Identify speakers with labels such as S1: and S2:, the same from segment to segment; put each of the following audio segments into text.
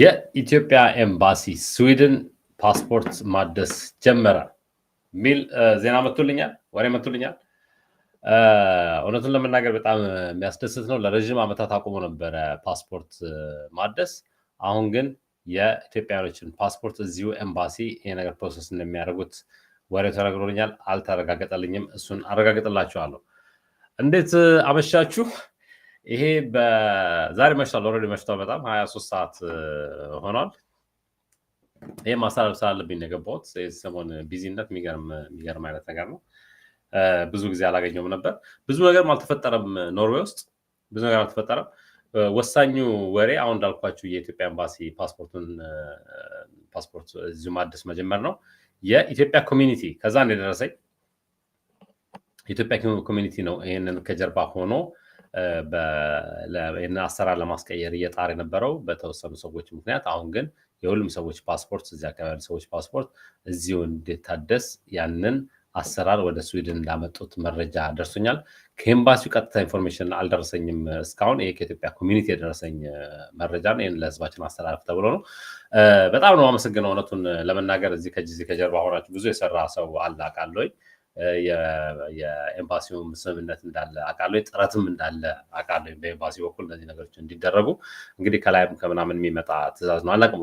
S1: የኢትዮጵያ ኤምባሲ ስዊድን ፓስፖርት ማደስ ጀመረ የሚል ዜና መቶልኛል፣ ወሬ መቱልኛል እውነቱን ለመናገር በጣም የሚያስደስት ነው። ለረዥም ዓመታት አቁሞ ነበረ ፓስፖርት ማደስ። አሁን ግን የኢትዮጵያኖችን ፓስፖርት እዚሁ ኤምባሲ ይሄ ነገር ፕሮሰስ እንደሚያደርጉት ወሬ ተነግሮልኛል። አልተረጋገጠልኝም። እሱን አረጋግጥላችኋለሁ። እንዴት አመሻችሁ? ይሄ በዛሬ መሽቷል ኦልሬዲ መሽቷል። በጣም ሀያ ሶስት ሰዓት ሆኗል። ይህ ማስተላለፍ ስላለብኝ ነው የገባሁት። ሰሞን ቢዚነት የሚገርም አይነት ነገር ነው። ብዙ ጊዜ አላገኘውም ነበር። ብዙ ነገርም አልተፈጠረም። ኖርዌይ ውስጥ ብዙ ነገር አልተፈጠረም። ወሳኙ ወሬ አሁን እንዳልኳችሁ የኢትዮጵያ ኤምባሲ ፓስፖርቱን ፓስፖርት እዚሁ ማደስ መጀመር ነው። የኢትዮጵያ ኮሚኒቲ ከዛ እንደደረሰኝ የኢትዮጵያ ኮሚኒቲ ነው ይህንን ከጀርባ ሆኖ አሰራር ለማስቀየር እየጣር የነበረው በተወሰኑ ሰዎች ምክንያት፣ አሁን ግን የሁሉም ሰዎች ፓስፖርት እዚህ አካባቢ ሰዎች ፓስፖርት እዚሁ እንዲታደስ ያንን አሰራር ወደ ስዊድን እንዳመጡት መረጃ ደርሶኛል። ከኤምባሲው ቀጥታ ኢንፎርሜሽን አልደረሰኝም እስካሁን። ይሄ ከኢትዮጵያ ኮሚኒቲ የደረሰኝ መረጃ ነው። ይህን ለህዝባችን አስተላልፍ ተብሎ ነው። በጣም ነው አመሰግነው። እውነቱን ለመናገር እዚህ ከጀርባ ሆናችሁ ብዙ የሰራ ሰው አላቃለኝ የኤምባሲውን ስምምነት እንዳለ አውቃለሁ፣ ጥረትም እንዳለ አውቃለሁ። በኤምባሲ በኩል እነዚህ ነገሮች እንዲደረጉ እንግዲህ ከላይም ከምናምን የሚመጣ ትእዛዝ ነው አላውቅም።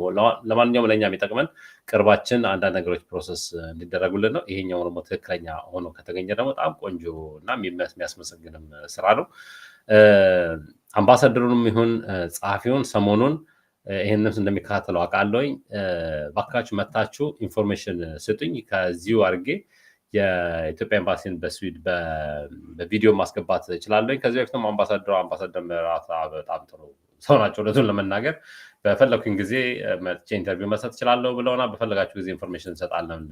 S1: ለማንኛውም ለእኛ የሚጠቅመን ቅርባችን አንዳንድ ነገሮች ፕሮሰስ እንዲደረጉልን ነው። ይሄኛው ደግሞ ትክክለኛ ሆኖ ከተገኘ ደግሞ በጣም ቆንጆ እና የሚያስመሰግንም ስራ ነው። አምባሳደሩንም ይሁን ጸሐፊውን ሰሞኑን ይህንም እንደሚከታተለው አቃለኝ። ባካችሁ መታችሁ ኢንፎርሜሽን ስጡኝ ከዚሁ አድርጌ የኢትዮጵያ ኤምባሲን በስዊድ በቪዲዮ ማስገባት እችላለሁ። ከዚህ በፊትም አምባሳደሩ አምባሳደር ምራት በጣም ጥሩ ሰው ናቸው። እውነቱን ለመናገር በፈለግኩኝ ጊዜ መጥቼ ኢንተርቪው መሰጥ እችላለሁ ብለውና በፈለጋችሁ ጊዜ ኢንፎርሜሽን እንሰጣለን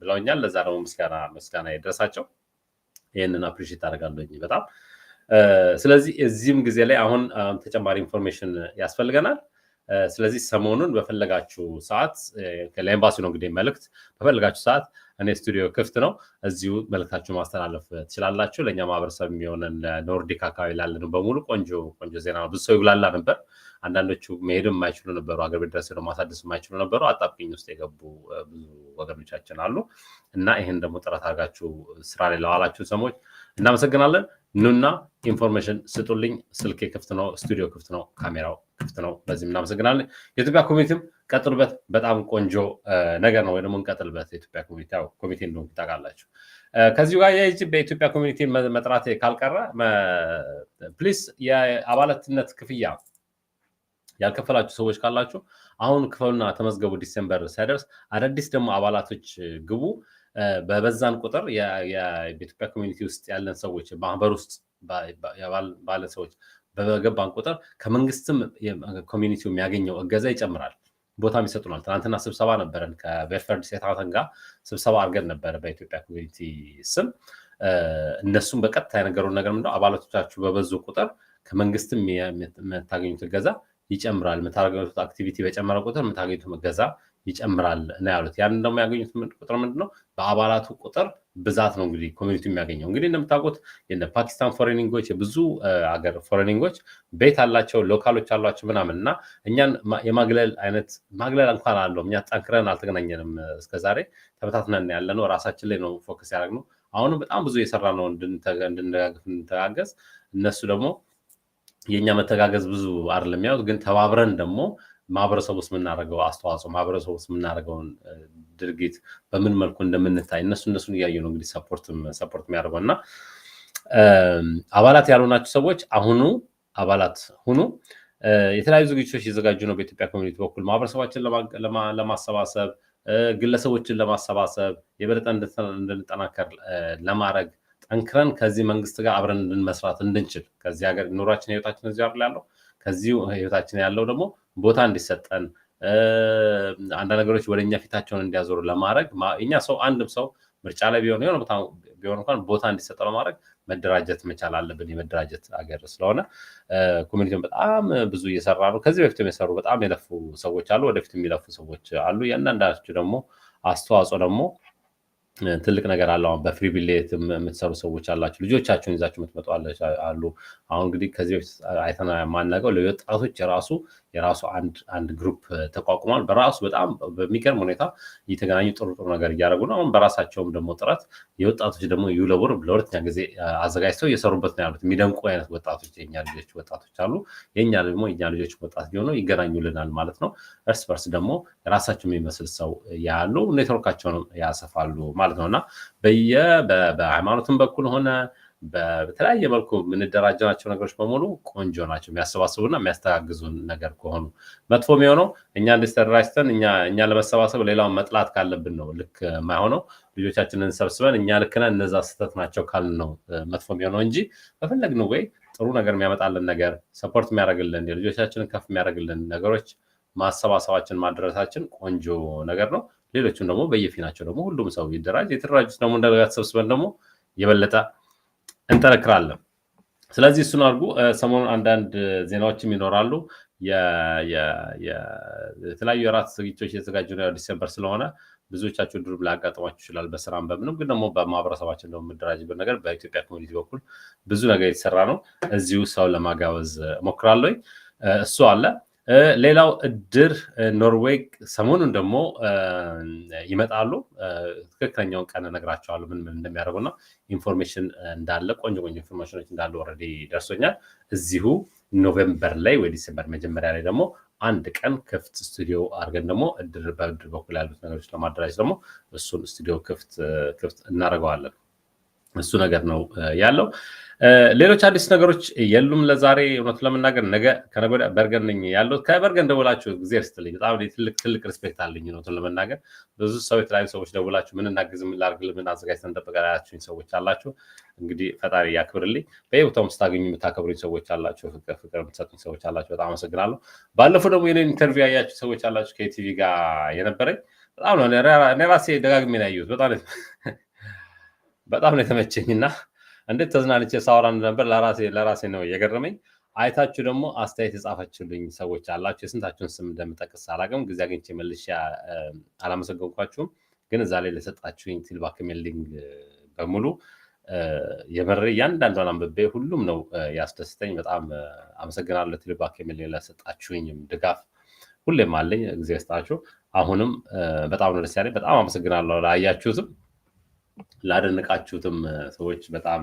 S1: ብለውኛል። ለዛ ደግሞ ምስጋና ምስጋና የደረሳቸው ይህንን አፕሪሺየት አደርጋለሁኝ በጣም ስለዚህ እዚህም ጊዜ ላይ አሁን ተጨማሪ ኢንፎርሜሽን ያስፈልገናል። ስለዚህ ሰሞኑን በፈለጋችሁ ሰዓት ለኤምባሲ ነው እንግዲህ መልክት በፈለጋችሁ ሰዓት እኔ ስቱዲዮ ክፍት ነው። እዚሁ መልክታችሁ ማስተላለፍ ትችላላችሁ። ለእኛ ማህበረሰብ የሚሆንን ኖርዲክ አካባቢ ላለነው በሙሉ ቆንጆ ቆንጆ ዜና ነው። ብዙ ሰው ይጉላላ ነበር። አንዳንዶቹ መሄድም የማይችሉ ነበሩ። አገር ቤት ድረስ ሄደው ማሳደስ የማይችሉ ነበሩ። አጣብቂኝ ውስጥ የገቡ ብዙ ወገኖቻችን አሉ እና ይህን ደግሞ ጥረት አድርጋችሁ ስራ ላይ ለዋላችሁ ሰዎች እናመሰግናለን። ኑና ኢንፎርሜሽን ስጡልኝ። ስልኬ ክፍት ነው፣ ስቱዲዮ ክፍት ነው፣ ካሜራው ክፍት ነው። በዚህም እናመሰግናለን። የኢትዮጵያ ኮሚኒቲም ቀጥሉበት። በጣም ቆንጆ ነገር ነው። ወይ ደግሞ እንቀጥልበት። የኢትዮጵያ ኮሚቴ እንደሆነ ታውቃላችሁ። ከዚሁ ጋር የዚህ በኢትዮጵያ ኮሚኒቲ መጥራት ካልቀረ ፕሊስ የአባላትነት ክፍያ ያልከፈላችሁ ሰዎች ካላችሁ አሁን ክፈሉና ተመዝገቡ። ዲሴምበር ሳይደርስ አዳዲስ ደግሞ አባላቶች ግቡ። በበዛን ቁጥር በኢትዮጵያ ኮሚኒቲ ውስጥ ያለን ሰዎች ማህበር ውስጥ ባለ ሰዎች በገባን ቁጥር ከመንግስትም ኮሚኒቲው የሚያገኘው እገዛ ይጨምራል። ቦታም ይሰጡናል። ትናንትና ስብሰባ ነበረን ከቤርፈርድ ሴታተን ጋር ስብሰባ አድርገን ነበረ በኢትዮጵያ ኮሚኒቲ ስም። እነሱም በቀጥታ የነገሩን ነገር ምንድነው አባላቶቻችሁ በበዙ ቁጥር ከመንግስትም የምታገኙት እገዛ ይጨምራል። የምታገኙት አክቲቪቲ በጨመረ ቁጥር የምታገኙት እገዛ ይጨምራል ነው ያሉት። ያንን ደግሞ ያገኙት ቁጥር ምንድን ነው? በአባላቱ ቁጥር ብዛት ነው እንግዲህ ኮሚኒቲ የሚያገኘው። እንግዲህ እንደምታውቁት ፓኪስታን ፎሬኒንጎች፣ የብዙ አገር ፎሬኒንጎች ቤት አላቸው፣ ሎካሎች አሏቸው ምናምን እና እኛን የማግለል አይነት ማግለል እንኳን አለው። እኛ ጠንክረን አልተገናኘንም እስከዛሬ ተበታትነን ያለ ነው። ራሳችን ላይ ነው ፎከስ ያደረግነው። አሁንም በጣም ብዙ የሰራ ነው እንድንደጋግፍ፣ እንድንተጋገዝ እነሱ ደግሞ የእኛ መተጋገዝ ብዙ አይደለም ያሉት ግን ተባብረን ደግሞ ማህበረሰብ ውስጥ የምናደርገው አስተዋጽኦ ማህበረሰብ ውስጥ የምናደርገውን ድርጊት በምን መልኩ እንደምንታይ እነሱ እነሱን እያየ ነው እንግዲህ ሰፖርት የሚያደርገው እና አባላት ያልሆናችሁ ሰዎች አሁኑ አባላት ሁኑ። የተለያዩ ዝግጅቶች እየዘጋጁ ነው። በኢትዮጵያ ኮሚኒቲ በኩል ማህበረሰባችን ለማሰባሰብ ግለሰቦችን ለማሰባሰብ የበለጠ እንድንጠናከር ለማድረግ ጠንክረን ከዚህ መንግስት ጋር አብረን እንድንመስራት እንድንችል ከዚህ ሀገር ኑሯችን ህይወታችን እዚሁ ያለው ከዚሁ ህይወታችን ያለው ደግሞ ቦታ እንዲሰጠን አንዳንድ ነገሮች ወደኛ ፊታቸውን እንዲያዞሩ ለማድረግ እኛ ሰው አንድም ሰው ምርጫ ላይ ቢሆን የሆነ ቦታ ቢሆን እንኳን ቦታ እንዲሰጠው ለማድረግ መደራጀት መቻል አለብን። የመደራጀት አገር ስለሆነ ኮሚኒቲውን በጣም ብዙ እየሰራ ነው። ከዚህ በፊትም የሰሩ በጣም የለፉ ሰዎች አሉ፣ ወደፊት የሚለፉ ሰዎች አሉ። የእያንዳንዳችሁ ደግሞ አስተዋጽኦ ደግሞ ትልቅ ነገር አለው። አሁን በፍሪ ቢሌት የምትሰሩ ሰዎች አላችሁ፣ ልጆቻችሁን ይዛችሁ የምትመጡ አሉ። አሁን እንግዲህ ከዚህ በፊት አይተና የማናውቀው ለወጣቶች የራሱ የራሱ አንድ ግሩፕ ተቋቁሟል። በራሱ በጣም በሚገርም ሁኔታ እየተገናኙ ጥሩ ጥሩ ነገር እያደረጉ ነው። አሁን በራሳቸውም ደግሞ ጥረት የወጣቶች ደግሞ ዩለቡር ለሁለተኛ ጊዜ አዘጋጅተው እየሰሩበት ነው ያሉት። የሚደንቁ አይነት ወጣቶች የኛ ልጆች ወጣቶች አሉ። የኛ ደግሞ የኛ ልጆች ወጣት ሊሆነው ይገናኙልናል ማለት ነው። እርስ በርስ ደግሞ የራሳቸው የሚመስል ሰው ያሉ ኔትወርካቸውን ያሰፋሉ። ማለት ነው እና በየ በሃይማኖትም በኩል ሆነ በተለያየ መልኩ የምንደራጀናቸው ነገሮች በሙሉ ቆንጆ ናቸው። የሚያሰባስቡና የሚያስተጋግዙን ነገር ከሆኑ መጥፎ የሚሆነው እኛ እንዴት እኛ ለመሰባሰብ ሌላውን መጥላት ካለብን ነው ልክ የማይሆነው። ልጆቻችንን ሰብስበን እኛ ልክና እነዛ ስህተት ናቸው ካልን ነው መጥፎ የሚሆነው እንጂ በፈለግን ወይ ጥሩ ነገር የሚያመጣልን ነገር ሰፖርት የሚያደርግልን የልጆቻችንን ከፍ የሚያደርግልን ነገሮች ማሰባሰባችን ማድረሳችን ቆንጆ ነገር ነው። ሌሎችም ደግሞ በየፊናቸው ደግሞ ሁሉም ሰው ይደራጅ። የተደራጁት ደግሞ እንደገና ተሰብስበን ደግሞ የበለጠ እንጠነክራለን። ስለዚህ እሱን አድርጉ። ሰሞኑን አንዳንድ ዜናዎችም ይኖራሉ። የተለያዩ የራት ዝግጅቶች የተዘጋጁ ነው። ዲሴምበር ስለሆነ ብዙዎቻችሁ ድሩብ ሊያጋጥማችሁ ይችላል። በስራም በምንም ግን ደግሞ በማህበረሰባችን ደግሞ የምደራጅበት ነገር በኢትዮጵያ ኮሚኒቲ በኩል ብዙ ነገር የተሰራ ነው። እዚሁ ሰው ለማጋበዝ እሞክራለሁ። እሱ አለ። ሌላው እድር ኖርዌይ ሰሞኑን ደግሞ ይመጣሉ። ትክክለኛውን ቀን እነግራቸዋለሁ ምን ምን እንደሚያደርጉና ኢንፎርሜሽን እንዳለ ቆንጆ ቆንጆ ኢንፎርሜሽኖች እንዳሉ ኦልሬዲ ደርሶኛል። እዚሁ ኖቬምበር ላይ ወይ ዲሴምበር መጀመሪያ ላይ ደግሞ አንድ ቀን ክፍት ስቱዲዮ አድርገን ደግሞ እድር በእድር በኩል ያሉት ነገሮች ለማደራጅ ደግሞ እሱን ስቱዲዮ ክፍት እናደርገዋለን። እሱ ነገር ነው ያለው። ሌሎች አዲስ ነገሮች የሉም ለዛሬ። እውነቱ ለመናገር ነገ ከነገ ወዲያ በርገን ነኝ ያለው። ከበርገን ደውላችሁ ጊዜ ስትልኝ በጣም ትልቅ ትልቅ ሪስፔክት አለኝ። እውነቱን ለመናገር ብዙ ሰው የተለያዩ ሰዎች ደውላችሁ ምን እናግዝ፣ ምን ላድርግ፣ ምን አዘጋጅተን እንጠብቅ ሰዎች አላችሁ። እንግዲህ ፈጣሪ ያክብርልኝ። በየቦታውም ስታገኙ የምታከብሩኝ ሰዎች አላችሁ፣ ፍቅር ፍቅር የምትሰጡኝ ሰዎች አላችሁ። በጣም አመሰግናለሁ። ባለፈው ደግሞ የኔን ኢንተርቪው ያያችሁ ሰዎች አላችሁ። ከቲቪ ጋር የነበረኝ በጣም ነው እኔ ራሴ ደጋግሜ ነው ያየሁት በጣም በጣም ነው የተመቸኝ እና እንዴት ተዝናንቼ ሳወራ እንደነበር ለራሴ ነው እየገረመኝ። አይታችሁ ደግሞ አስተያየት የጻፋችሁልኝ ሰዎች አላችሁ። የስንታችሁን ስም እንደምጠቅስ አላውቅም። ጊዜ አግኝቼ መልሼ አላመሰገንኳችሁም። ግን እዛ ላይ ለሰጣችሁኝ ፊድባክ ሜሊንግ በሙሉ የመረ እያንዳንዷን አንብቤ ሁሉም ነው ያስደስተኝ። በጣም አመሰግናለሁ። ፊድባክ ሜሊንግ ለሰጣችሁኝም ድጋፍ ሁሌም አለኝ። ጊዜ ስጣችሁ። አሁንም በጣም ነው ደስ ያለኝ። በጣም አመሰግናለሁ። ላያችሁትም ላደነቃችሁትም ሰዎች በጣም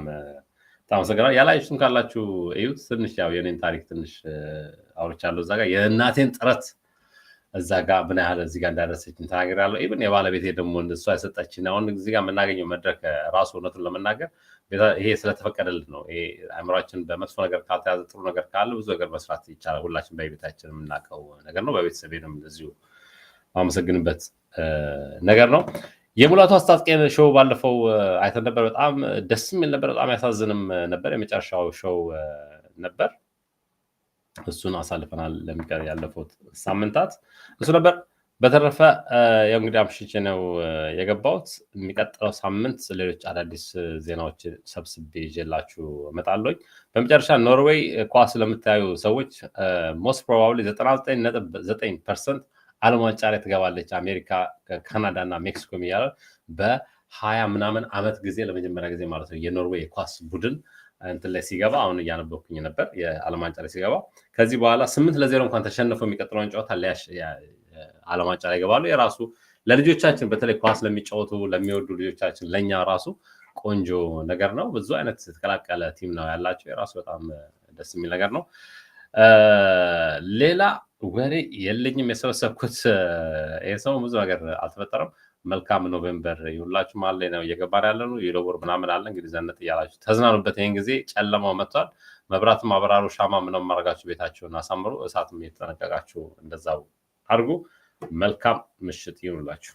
S1: ታመሰግናል። ያላችሁትም ካላችሁ እዩት። ትንሽ ያው የኔን ታሪክ ትንሽ አውርቻለሁ እዛ ጋር የእናቴን ጥረት እዛ ጋር ምን ያህል እዚህ ጋር እንዳደረሰችን ተናግሬያለሁ። ኢብን የባለቤቴ ደግሞ እሷ የሰጠችን አሁን እዚህ ጋር የምናገኘው መድረክ ራሱ እውነቱን ለመናገር ይሄ ስለተፈቀደልን ነው። ይሄ አእምሯችን በመጥፎ ነገር ካልተያዘ ጥሩ ነገር ካለ ብዙ ነገር መስራት ይቻላል። ሁላችን በቤታችን የምናውቀው ነገር ነው። በቤተሰቤንም እዚሁ ማመሰግንበት ነገር ነው። የሙላቱ አስታጥቄን ሾው ባለፈው አይተን ነበር። በጣም ደስ የሚል ነበር፣ በጣም ያሳዝንም ነበር። የመጨረሻው ሾው ነበር። እሱን አሳልፈናል ለሚቀር ያለፉት ሳምንታት እሱ ነበር። በተረፈ የእንግዲህ አምሽቼ ነው የገባሁት። የሚቀጥለው ሳምንት ሌሎች አዳዲስ ዜናዎች ሰብስቤ ይዤላችሁ እመጣለሁ። በመጨረሻ ኖርዌይ ኳስ ለምታዩ ሰዎች ሞስት ፕሮባብሊ 99 ነጥብ 9 ፐርሰንት ዓለም ዋንጫ ላይ ትገባለች አሜሪካ ካናዳ እና ሜክሲኮ የሚያለ በሀያ ምናምን ዓመት ጊዜ ለመጀመሪያ ጊዜ ማለት ነው የኖርዌይ የኳስ ቡድን እንትን ላይ ሲገባ አሁን እያነበኩኝ ነበር የዓለም ዋንጫ ላይ ሲገባ ከዚህ በኋላ ስምንት ለዜሮ እንኳን ተሸንፎ የሚቀጥለውን ጨዋታ ዓለም ዋንጫ ላይ ይገባሉ። የራሱ ለልጆቻችን በተለይ ኳስ ለሚጫወቱ ለሚወዱ ልጆቻችን ለእኛ ራሱ ቆንጆ ነገር ነው። ብዙ አይነት የተቀላቀለ ቲም ነው ያላቸው የራሱ በጣም ደስ የሚል ነገር ነው። ሌላ ወሬ የለኝም የሰበሰብኩት። የሰው ብዙ ነገር አልተፈጠረም። መልካም ኖቬምበር ይሁላችሁ። ማለ ነው እየገባን ያለ ነው ዩሮቦር ምናምን አለ እንግዲህ ዘነት እያላችሁ ተዝናኑበት። ይህን ጊዜ ጨለማው መጥቷል። መብራት አበራሩ፣ ሻማ ምነው ማድረጋችሁ ቤታችሁን አሳምሩ። እሳትም እየተጠነቀቃችሁ እንደዛው አድርጉ። መልካም ምሽት ይሁንላችሁ።